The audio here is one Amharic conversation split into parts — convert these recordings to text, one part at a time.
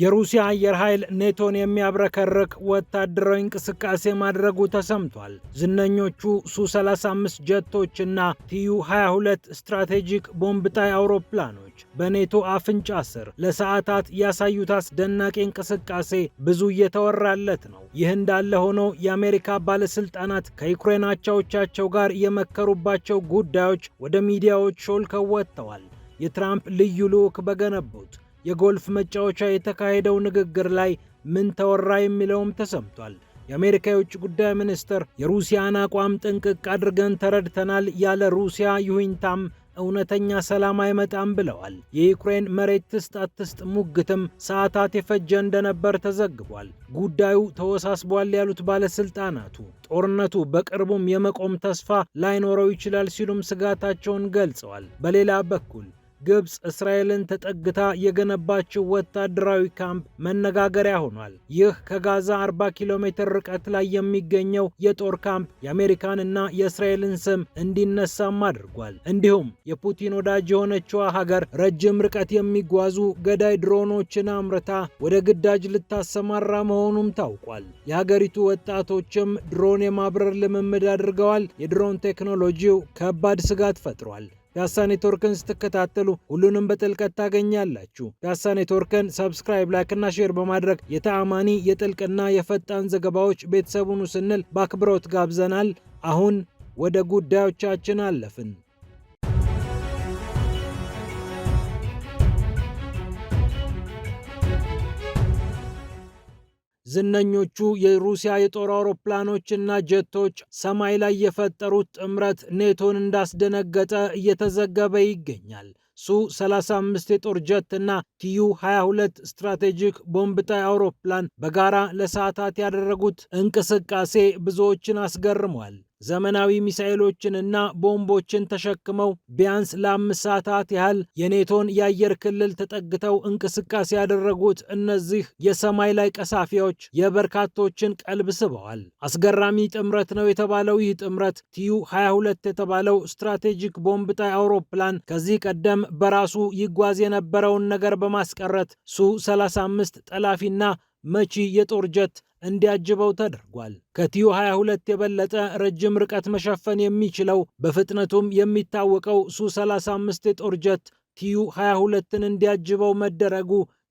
የሩሲያ አየር ኃይል ኔቶን የሚያብረከርክ ወታደራዊ እንቅስቃሴ ማድረጉ ተሰምቷል። ዝነኞቹ ሱ35 ጀቶች እና ቲዩ 22 ስትራቴጂክ ቦምብ ጣይ አውሮፕላኖች በኔቶ አፍንጫ ስር ለሰዓታት ያሳዩት አስደናቂ እንቅስቃሴ ብዙ እየተወራለት ነው። ይህ እንዳለ ሆኖ የአሜሪካ ባለስልጣናት ከዩክሬን አቻዎቻቸው ጋር የመከሩባቸው ጉዳዮች ወደ ሚዲያዎች ሾልከው ወጥተዋል። የትራምፕ ልዩ ልዑክ በገነቡት የጎልፍ መጫወቻ የተካሄደው ንግግር ላይ ምን ተወራ የሚለውም ተሰምቷል። የአሜሪካ የውጭ ጉዳይ ሚኒስትር የሩሲያን አቋም ጥንቅቅ አድርገን ተረድተናል፣ ያለ ሩሲያ ይሁኝታም እውነተኛ ሰላም አይመጣም ብለዋል። የዩክሬን መሬት ትስጥ አትስጥ ሙግትም ሰዓታት የፈጀ እንደነበር ተዘግቧል። ጉዳዩ ተወሳስቧል ያሉት ባለስልጣናቱ ጦርነቱ በቅርቡም የመቆም ተስፋ ላይኖረው ይችላል ሲሉም ስጋታቸውን ገልጸዋል። በሌላ በኩል ግብፅ እስራኤልን ተጠግታ የገነባችው ወታደራዊ ካምፕ መነጋገሪያ ሆኗል። ይህ ከጋዛ 40 ኪሎ ሜትር ርቀት ላይ የሚገኘው የጦር ካምፕ የአሜሪካንና የእስራኤልን ስም እንዲነሳም አድርጓል። እንዲሁም የፑቲን ወዳጅ የሆነችዋ ሀገር ረጅም ርቀት የሚጓዙ ገዳይ ድሮኖችን አምርታ ወደ ግዳጅ ልታሰማራ መሆኑም ታውቋል። የሀገሪቱ ወጣቶችም ድሮን የማብረር ልምምድ አድርገዋል። የድሮን ቴክኖሎጂው ከባድ ስጋት ፈጥሯል። ዳሳ ኔትወርክን ስትከታተሉ ሁሉንም በጥልቀት ታገኛላችሁ። ዳሳ ኔትወርክን ሰብስክራይብ፣ ላይክና ሼር በማድረግ የተአማኒ የጥልቅና የፈጣን ዘገባዎች ቤተሰቡን ስንል በአክብሮት ጋብዘናል። አሁን ወደ ጉዳዮቻችን አለፍን። ዝነኞቹ የሩሲያ የጦር አውሮፕላኖች እና ጀቶች ሰማይ ላይ የፈጠሩት ጥምረት ኔቶን እንዳስደነገጠ እየተዘገበ ይገኛል። ሱ 35 የጦር ጀት እና ቲዩ 22 ስትራቴጂክ ቦምብጣይ አውሮፕላን በጋራ ለሰዓታት ያደረጉት እንቅስቃሴ ብዙዎችን አስገርሟል። ዘመናዊ ሚሳኤሎችን እና ቦምቦችን ተሸክመው ቢያንስ ለአምስት ሰዓታት ያህል የኔቶን የአየር ክልል ተጠግተው እንቅስቃሴ ያደረጉት እነዚህ የሰማይ ላይ ቀሳፊዎች የበርካቶችን ቀልብ ስበዋል። አስገራሚ ጥምረት ነው የተባለው ይህ ጥምረት ቲዩ 22 የተባለው ስትራቴጂክ ቦምብ ጣይ አውሮፕላን ከዚህ ቀደም በራሱ ይጓዝ የነበረውን ነገር በማስቀረት ሱ 35 ጠላፊና መቺ የጦር ጀት እንዲያጅበው ተደርጓል። ከቲዩ 22 የበለጠ ረጅም ርቀት መሸፈን የሚችለው በፍጥነቱም የሚታወቀው ሱ35 የጦር ጀት ቲዩ 22ን እንዲያጅበው መደረጉ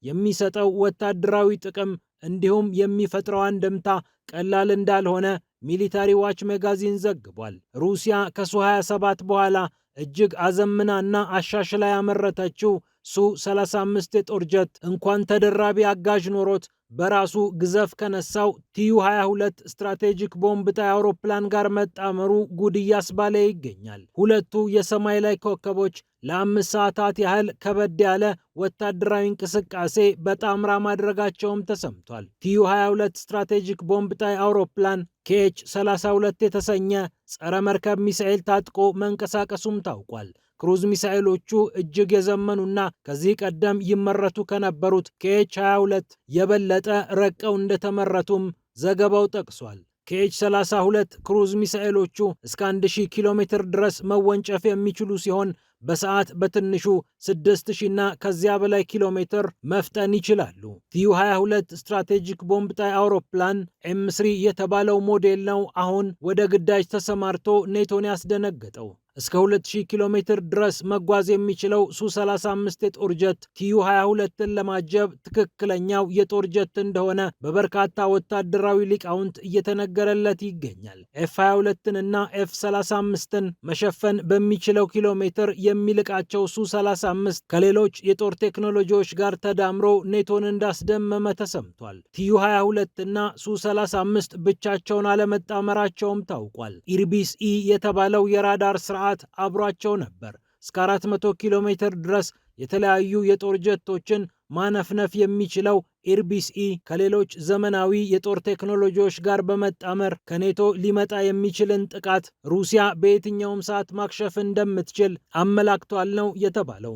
የሚሰጠው ወታደራዊ ጥቅም እንዲሁም የሚፈጥረው አንድምታ ቀላል እንዳልሆነ ሚሊታሪ ዋች መጋዚን ዘግቧል። ሩሲያ ከሱ 27 በኋላ እጅግ አዘምናና አሻሽላ ያመረተችው ሱ-35 የጦር ጀት እንኳን ተደራቢ አጋዥ ኖሮት በራሱ ግዘፍ ከነሳው ቲዩ 22 ስትራቴጂክ ቦምብ ጣይ አውሮፕላን ጋር መጣመሩ ጉድ እያስባለ ይገኛል። ሁለቱ የሰማይ ላይ ኮከቦች ለአምስት ሰዓታት ያህል ከበድ ያለ ወታደራዊ እንቅስቃሴ በጣምራ ማድረጋቸውም ተሰምቷል። ቲዩ 22 ስትራቴጂክ ቦምብ ጣይ አውሮፕላን ኬኤች 32 የተሰኘ ጸረ መርከብ ሚሳኤል ታጥቆ መንቀሳቀሱም ታውቋል። ክሩዝ ሚሳኤሎቹ እጅግ የዘመኑና ከዚህ ቀደም ይመረቱ ከነበሩት ከኤች 22 የበለጠ ረቀው እንደተመረቱም ዘገባው ጠቅሷል። ከኤች 32 ክሩዝ ሚሳኤሎቹ እስከ 1000 ኪሎ ሜትር ድረስ መወንጨፍ የሚችሉ ሲሆን በሰዓት በትንሹ 6000 እና ከዚያ በላይ ኪሎ ሜትር መፍጠን ይችላሉ። ቲዩ 22 ስትራቴጂክ ቦምብ ጣይ አውሮፕላን ኤም3 የተባለው ሞዴል ነው አሁን ወደ ግዳጅ ተሰማርቶ ኔቶን ያስደነገጠው። እስከ 2000 ኪሎ ሜትር ድረስ መጓዝ የሚችለው ሱ35 የጦር ጀት ቲዩ 22ን ለማጀብ ትክክለኛው የጦር ጀት እንደሆነ በበርካታ ወታደራዊ ሊቃውንት እየተነገረለት ይገኛል። ኤፍ 22ን እና ኤፍ 35ን መሸፈን በሚችለው ኪሎ ሜትር የሚልቃቸው ሱ35 ከሌሎች የጦር ቴክኖሎጂዎች ጋር ተዳምሮ ኔቶን እንዳስደመመ ተሰምቷል። ቲዩ 22 እና ሱ35 ብቻቸውን አለመጣመራቸውም ታውቋል። ኢርቢስ ኢ የተባለው የራዳር ስርዓት ሰዓት አብሯቸው ነበር። እስከ 400 ኪሎ ሜትር ድረስ የተለያዩ የጦር ጀቶችን ማነፍነፍ የሚችለው ኤርቢስኢ ከሌሎች ዘመናዊ የጦር ቴክኖሎጂዎች ጋር በመጣመር ከኔቶ ሊመጣ የሚችልን ጥቃት ሩሲያ በየትኛውም ሰዓት ማክሸፍ እንደምትችል አመላክቷል ነው የተባለው።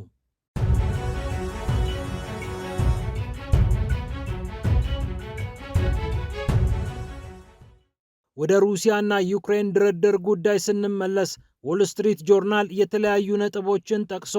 ወደ ሩሲያና ዩክሬን ድርድር ጉዳይ ስንመለስ ዎል ስትሪት ጆርናል የተለያዩ ነጥቦችን ጠቅሶ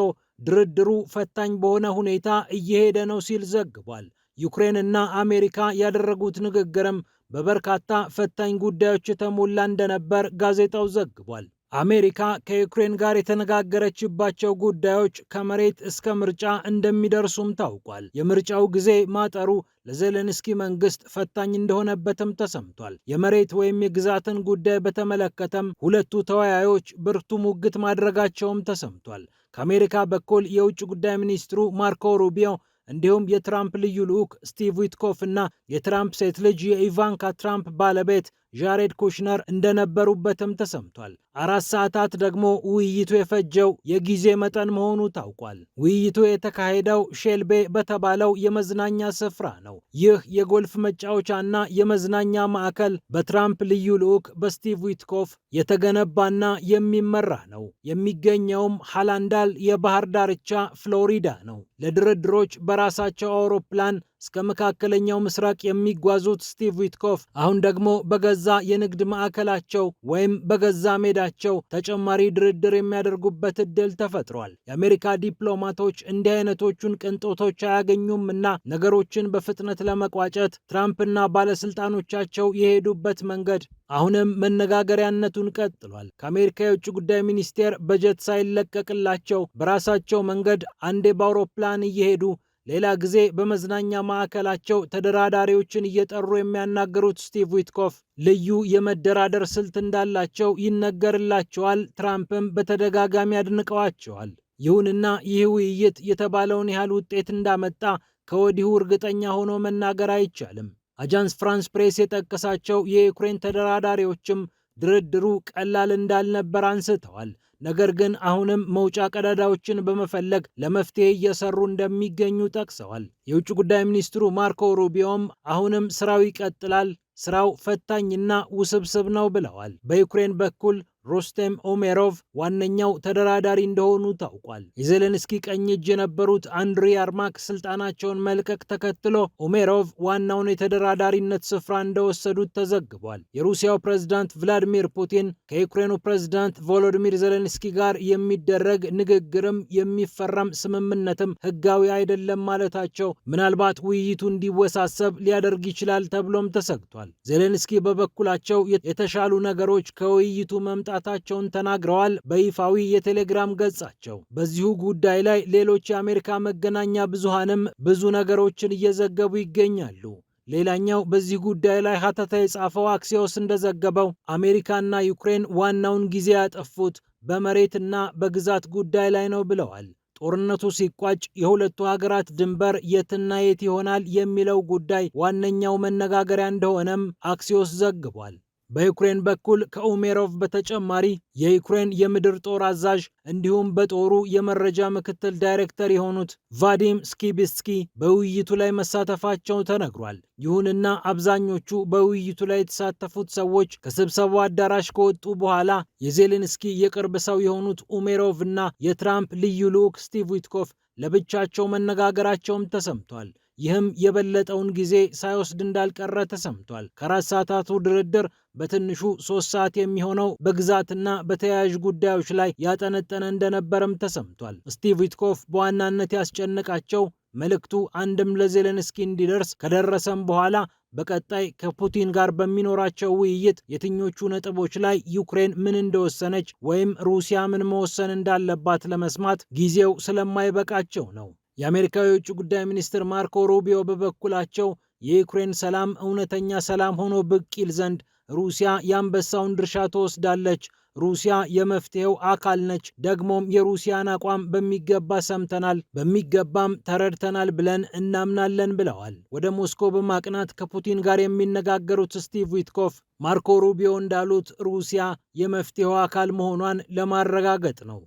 ድርድሩ ፈታኝ በሆነ ሁኔታ እየሄደ ነው ሲል ዘግቧል። ዩክሬንና አሜሪካ ያደረጉት ንግግርም በበርካታ ፈታኝ ጉዳዮች የተሞላ እንደነበር ጋዜጣው ዘግቧል። አሜሪካ ከዩክሬን ጋር የተነጋገረችባቸው ጉዳዮች ከመሬት እስከ ምርጫ እንደሚደርሱም ታውቋል። የምርጫው ጊዜ ማጠሩ ለዜሌንስኪ መንግስት ፈታኝ እንደሆነበትም ተሰምቷል። የመሬት ወይም የግዛትን ጉዳይ በተመለከተም ሁለቱ ተወያዮች ብርቱ ሙግት ማድረጋቸውም ተሰምቷል። ከአሜሪካ በኩል የውጭ ጉዳይ ሚኒስትሩ ማርኮ ሩቢዮ እንዲሁም የትራምፕ ልዩ ልዑክ ስቲቭ ዊትኮፍ እና የትራምፕ ሴት ልጅ የኢቫንካ ትራምፕ ባለቤት ዣሬድ ኩሽነር እንደነበሩበትም ተሰምቷል። አራት ሰዓታት ደግሞ ውይይቱ የፈጀው የጊዜ መጠን መሆኑ ታውቋል። ውይይቱ የተካሄደው ሼልቤ በተባለው የመዝናኛ ስፍራ ነው። ይህ የጎልፍ መጫወቻና የመዝናኛ ማዕከል በትራምፕ ልዩ ልዑክ በስቲቭ ዊትኮፍ የተገነባና የሚመራ ነው። የሚገኘውም ሃላንዳል የባህር ዳርቻ ፍሎሪዳ ነው። ለድርድሮች በራሳቸው አውሮፕላን እስከ መካከለኛው ምስራቅ የሚጓዙት ስቲቭ ዊትኮፍ አሁን ደግሞ በገዛ የንግድ ማዕከላቸው ወይም በገዛ ሜዳቸው ተጨማሪ ድርድር የሚያደርጉበት እድል ተፈጥሯል። የአሜሪካ ዲፕሎማቶች እንዲህ አይነቶቹን ቅንጦቶች አያገኙም እና ነገሮችን በፍጥነት ለመቋጨት ትራምፕና ባለስልጣኖቻቸው የሄዱበት መንገድ አሁንም መነጋገሪያነቱን ቀጥሏል። ከአሜሪካ የውጭ ጉዳይ ሚኒስቴር በጀት ሳይለቀቅላቸው በራሳቸው መንገድ አንዴ በአውሮፕላን እየሄዱ ሌላ ጊዜ በመዝናኛ ማዕከላቸው ተደራዳሪዎችን እየጠሩ የሚያናገሩት ስቲቭ ዊትኮፍ ልዩ የመደራደር ስልት እንዳላቸው ይነገርላቸዋል። ትራምፕም በተደጋጋሚ አድንቀዋቸዋል። ይሁንና ይህ ውይይት የተባለውን ያህል ውጤት እንዳመጣ ከወዲሁ እርግጠኛ ሆኖ መናገር አይቻልም። አጃንስ ፍራንስ ፕሬስ የጠቀሳቸው የዩክሬን ተደራዳሪዎችም ድርድሩ ቀላል እንዳልነበር አንስተዋል። ነገር ግን አሁንም መውጫ ቀዳዳዎችን በመፈለግ ለመፍትሄ እየሰሩ እንደሚገኙ ጠቅሰዋል። የውጭ ጉዳይ ሚኒስትሩ ማርኮ ሩቢዮም አሁንም ስራው ይቀጥላል፣ ስራው ፈታኝና ውስብስብ ነው ብለዋል። በዩክሬን በኩል ሮስቴም ኦሜሮቭ ዋነኛው ተደራዳሪ እንደሆኑ ታውቋል። የዜሌንስኪ ቀኝ እጅ የነበሩት አንድሪ አርማክ ስልጣናቸውን መልቀቅ ተከትሎ ኦሜሮቭ ዋናውን የተደራዳሪነት ስፍራ እንደወሰዱት ተዘግቧል። የሩሲያው ፕሬዝዳንት ቭላዲሚር ፑቲን ከዩክሬኑ ፕሬዝዳንት ቮሎዲሚር ዜሌንስኪ ጋር የሚደረግ ንግግርም የሚፈረም ስምምነትም ሕጋዊ አይደለም ማለታቸው ምናልባት ውይይቱ እንዲወሳሰብ ሊያደርግ ይችላል ተብሎም ተሰግቷል። ዜሌንስኪ በበኩላቸው የተሻሉ ነገሮች ከውይይቱ መምጣት መምጣታቸውን ተናግረዋል በይፋዊ የቴሌግራም ገጻቸው። በዚሁ ጉዳይ ላይ ሌሎች የአሜሪካ መገናኛ ብዙሃንም ብዙ ነገሮችን እየዘገቡ ይገኛሉ። ሌላኛው በዚህ ጉዳይ ላይ ሀተታ የጻፈው አክሲዮስ እንደዘገበው አሜሪካና ዩክሬን ዋናውን ጊዜ ያጠፉት በመሬትና በግዛት ጉዳይ ላይ ነው ብለዋል። ጦርነቱ ሲቋጭ የሁለቱ ሀገራት ድንበር የትና የት ይሆናል የሚለው ጉዳይ ዋነኛው መነጋገሪያ እንደሆነም አክሲዮስ ዘግቧል። በዩክሬን በኩል ከኡሜሮቭ በተጨማሪ የዩክሬን የምድር ጦር አዛዥ እንዲሁም በጦሩ የመረጃ ምክትል ዳይሬክተር የሆኑት ቫዲም ስኪቢስኪ በውይይቱ ላይ መሳተፋቸው ተነግሯል። ይሁንና አብዛኞቹ በውይይቱ ላይ የተሳተፉት ሰዎች ከስብሰባው አዳራሽ ከወጡ በኋላ የዜሌንስኪ የቅርብ ሰው የሆኑት ኡሜሮቭ እና የትራምፕ ልዩ ልዑክ ስቲቭ ዊትኮፍ ለብቻቸው መነጋገራቸውም ተሰምቷል። ይህም የበለጠውን ጊዜ ሳይወስድ እንዳልቀረ ተሰምቷል። ከአራት ሰዓታቱ ድርድር በትንሹ ሶስት ሰዓት የሚሆነው በግዛትና በተያያዥ ጉዳዮች ላይ ያጠነጠነ እንደነበረም ተሰምቷል። ስቲቭ ዊትኮፍ በዋናነት ያስጨነቃቸው መልእክቱ አንድም ለዜሌንስኪ እንዲደርስ ከደረሰም በኋላ በቀጣይ ከፑቲን ጋር በሚኖራቸው ውይይት የትኞቹ ነጥቦች ላይ ዩክሬን ምን እንደወሰነች ወይም ሩሲያ ምን መወሰን እንዳለባት ለመስማት ጊዜው ስለማይበቃቸው ነው። የአሜሪካው የውጭ ጉዳይ ሚኒስትር ማርኮ ሩቢዮ በበኩላቸው የዩክሬን ሰላም እውነተኛ ሰላም ሆኖ ብቅ ይል ዘንድ ሩሲያ የአንበሳውን ድርሻ ትወስዳለች። ሩሲያ የመፍትሄው አካል ነች። ደግሞም የሩሲያን አቋም በሚገባ ሰምተናል፣ በሚገባም ተረድተናል ብለን እናምናለን ብለዋል። ወደ ሞስኮ በማቅናት ከፑቲን ጋር የሚነጋገሩት ስቲቭ ዊትኮፍ ማርኮ ሩቢዮ እንዳሉት ሩሲያ የመፍትሄው አካል መሆኗን ለማረጋገጥ ነው።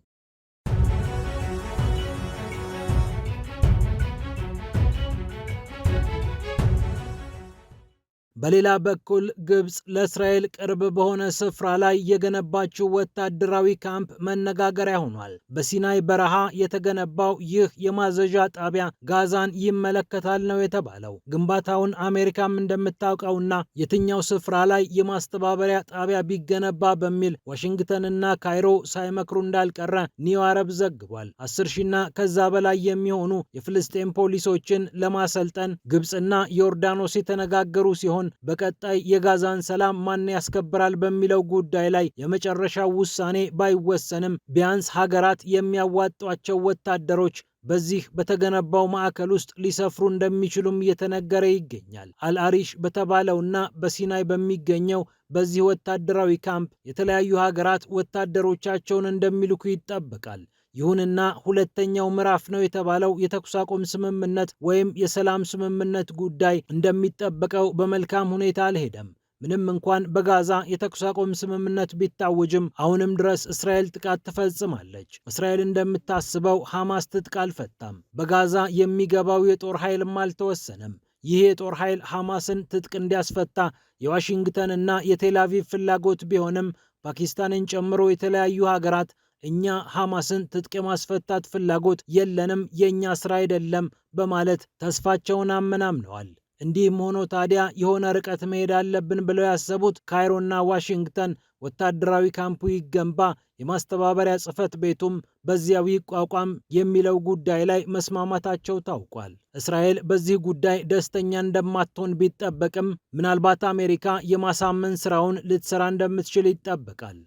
በሌላ በኩል ግብፅ ለእስራኤል ቅርብ በሆነ ስፍራ ላይ የገነባችው ወታደራዊ ካምፕ መነጋገሪያ ሆኗል። በሲናይ በረሃ የተገነባው ይህ የማዘዣ ጣቢያ ጋዛን ይመለከታል ነው የተባለው። ግንባታውን አሜሪካም እንደምታውቀውና የትኛው ስፍራ ላይ የማስተባበሪያ ጣቢያ ቢገነባ በሚል ዋሽንግተንና ካይሮ ሳይመክሩ እንዳልቀረ ኒው አረብ ዘግቧል። አስር ሺና ከዛ በላይ የሚሆኑ የፍልስጤም ፖሊሶችን ለማሰልጠን ግብፅና ዮርዳኖስ የተነጋገሩ ሲሆን ሲሆን በቀጣይ የጋዛን ሰላም ማን ያስከብራል በሚለው ጉዳይ ላይ የመጨረሻ ውሳኔ ባይወሰንም ቢያንስ ሀገራት የሚያዋጧቸው ወታደሮች በዚህ በተገነባው ማዕከል ውስጥ ሊሰፍሩ እንደሚችሉም እየተነገረ ይገኛል። አልአሪሽ በተባለውና በሲናይ በሚገኘው በዚህ ወታደራዊ ካምፕ የተለያዩ ሀገራት ወታደሮቻቸውን እንደሚልኩ ይጠበቃል። ይሁንና ሁለተኛው ምዕራፍ ነው የተባለው የተኩስ አቁም ስምምነት ወይም የሰላም ስምምነት ጉዳይ እንደሚጠበቀው በመልካም ሁኔታ አልሄደም። ምንም እንኳን በጋዛ የተኩስ አቁም ስምምነት ቢታወጅም አሁንም ድረስ እስራኤል ጥቃት ትፈጽማለች። እስራኤል እንደምታስበው ሐማስ ትጥቅ አልፈታም። በጋዛ የሚገባው የጦር ኃይልም አልተወሰነም። ይህ የጦር ኃይል ሐማስን ትጥቅ እንዲያስፈታ የዋሽንግተንና የቴል ፍላጎት ቢሆንም ፓኪስታንን ጨምሮ የተለያዩ ሀገራት እኛ ሐማስን ትጥቅ የማስፈታት ፍላጎት የለንም፣ የእኛ ሥራ አይደለም በማለት ተስፋቸውን አመናምነዋል። እንዲህም ሆኖ ታዲያ የሆነ ርቀት መሄድ አለብን ብለው ያሰቡት ካይሮና ዋሽንግተን ወታደራዊ ካምፑ ይገንባ፣ የማስተባበሪያ ጽሕፈት ቤቱም በዚያው ይቋቋም የሚለው ጉዳይ ላይ መስማማታቸው ታውቋል። እስራኤል በዚህ ጉዳይ ደስተኛ እንደማትሆን ቢጠበቅም ምናልባት አሜሪካ የማሳመን ስራውን ልትሰራ እንደምትችል ይጠበቃል።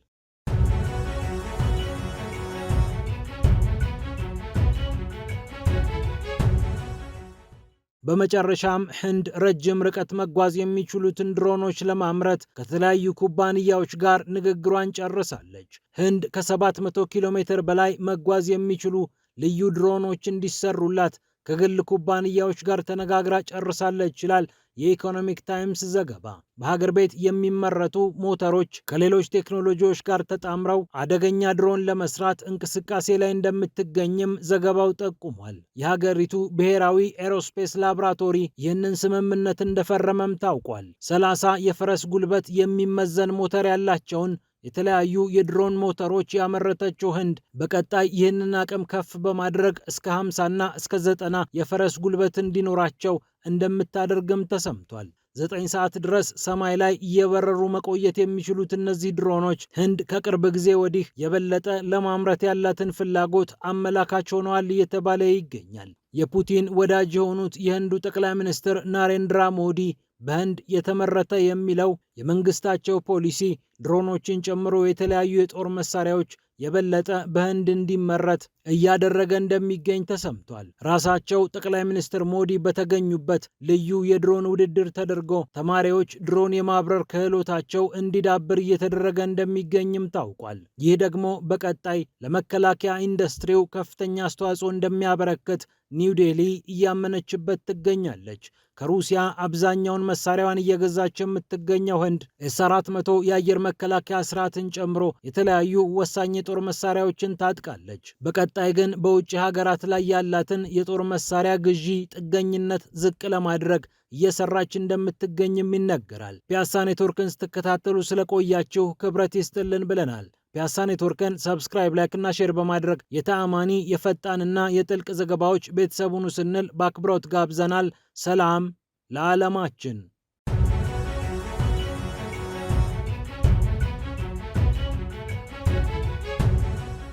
በመጨረሻም ህንድ ረጅም ርቀት መጓዝ የሚችሉትን ድሮኖች ለማምረት ከተለያዩ ኩባንያዎች ጋር ንግግሯን ጨርሳለች። ህንድ ከ700 ኪሎ ሜትር በላይ መጓዝ የሚችሉ ልዩ ድሮኖች እንዲሰሩላት ከግል ኩባንያዎች ጋር ተነጋግራ ጨርሳለች ይላል የኢኮኖሚክ ታይምስ ዘገባ። በሀገር ቤት የሚመረቱ ሞተሮች ከሌሎች ቴክኖሎጂዎች ጋር ተጣምረው አደገኛ ድሮን ለመስራት እንቅስቃሴ ላይ እንደምትገኝም ዘገባው ጠቁሟል። የሀገሪቱ ብሔራዊ ኤሮስፔስ ላብራቶሪ ይህንን ስምምነት እንደፈረመም ታውቋል። ሰላሳ የፈረስ ጉልበት የሚመዘን ሞተር ያላቸውን የተለያዩ የድሮን ሞተሮች ያመረተችው ህንድ በቀጣይ ይህንን አቅም ከፍ በማድረግ እስከ 50ና እስከ 90 የፈረስ ጉልበት እንዲኖራቸው እንደምታደርግም ተሰምቷል። ዘጠኝ ሰዓት ድረስ ሰማይ ላይ እየበረሩ መቆየት የሚችሉት እነዚህ ድሮኖች ህንድ ከቅርብ ጊዜ ወዲህ የበለጠ ለማምረት ያላትን ፍላጎት አመላካች ሆነዋል እየተባለ ይገኛል። የፑቲን ወዳጅ የሆኑት የህንዱ ጠቅላይ ሚኒስትር ናሬንድራ ሞዲ በህንድ የተመረተ የሚለው የመንግስታቸው ፖሊሲ ድሮኖችን ጨምሮ የተለያዩ የጦር መሳሪያዎች የበለጠ በህንድ እንዲመረት እያደረገ እንደሚገኝ ተሰምቷል። ራሳቸው ጠቅላይ ሚኒስትር ሞዲ በተገኙበት ልዩ የድሮን ውድድር ተደርጎ ተማሪዎች ድሮን የማብረር ክህሎታቸው እንዲዳብር እየተደረገ እንደሚገኝም ታውቋል። ይህ ደግሞ በቀጣይ ለመከላከያ ኢንዱስትሪው ከፍተኛ አስተዋጽኦ እንደሚያበረክት ኒው ዴሊ እያመነችበት ትገኛለች። ከሩሲያ አብዛኛውን መሳሪያዋን እየገዛች የምትገኘው ህንድ ኤስ 400 የአየር መከላከያ ስርዓትን ጨምሮ የተለያዩ ወሳኝ የጦር መሳሪያዎችን ታጥቃለች። በቀጣይ ግን በውጭ ሀገራት ላይ ያላትን የጦር መሳሪያ ግዢ ጥገኝነት ዝቅ ለማድረግ እየሰራች እንደምትገኝም ይነገራል። ፒያሳ ኔትወርክን ስትከታተሉ ስለቆያችሁ ክብረት ይስጥልን ብለናል። ፒያሳ ኔትወርክን ሰብስክራይብ፣ ላይክና ሼር በማድረግ የተአማኒ የፈጣንና የጥልቅ ዘገባዎች ቤተሰቡን ስንል በአክብሮት ጋብዘናል። ሰላም ለዓለማችን።